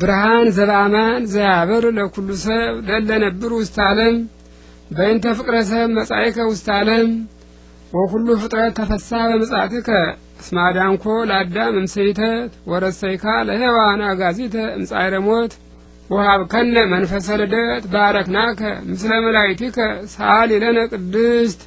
ብርሃን ዘበአማን ዘያብር ለኩሉ ሰብ ለለነብር ውስጥ አለም በእንተ ፍቅረ ሰብ መጻይከ ውስጥ አለም ወኩሉ ፍጥረት ተፈሳ በመጻትከ እስመ አዳንኮ ለአዳም እምስይተት ወረሰይካ ለሔዋን አጋዚተ እምጻዕረ ሞት ወሃብከነ መንፈሰ ልደት ባረክናከ ምስለ መላይቲከ ሰአሊ ለነ ቅድስት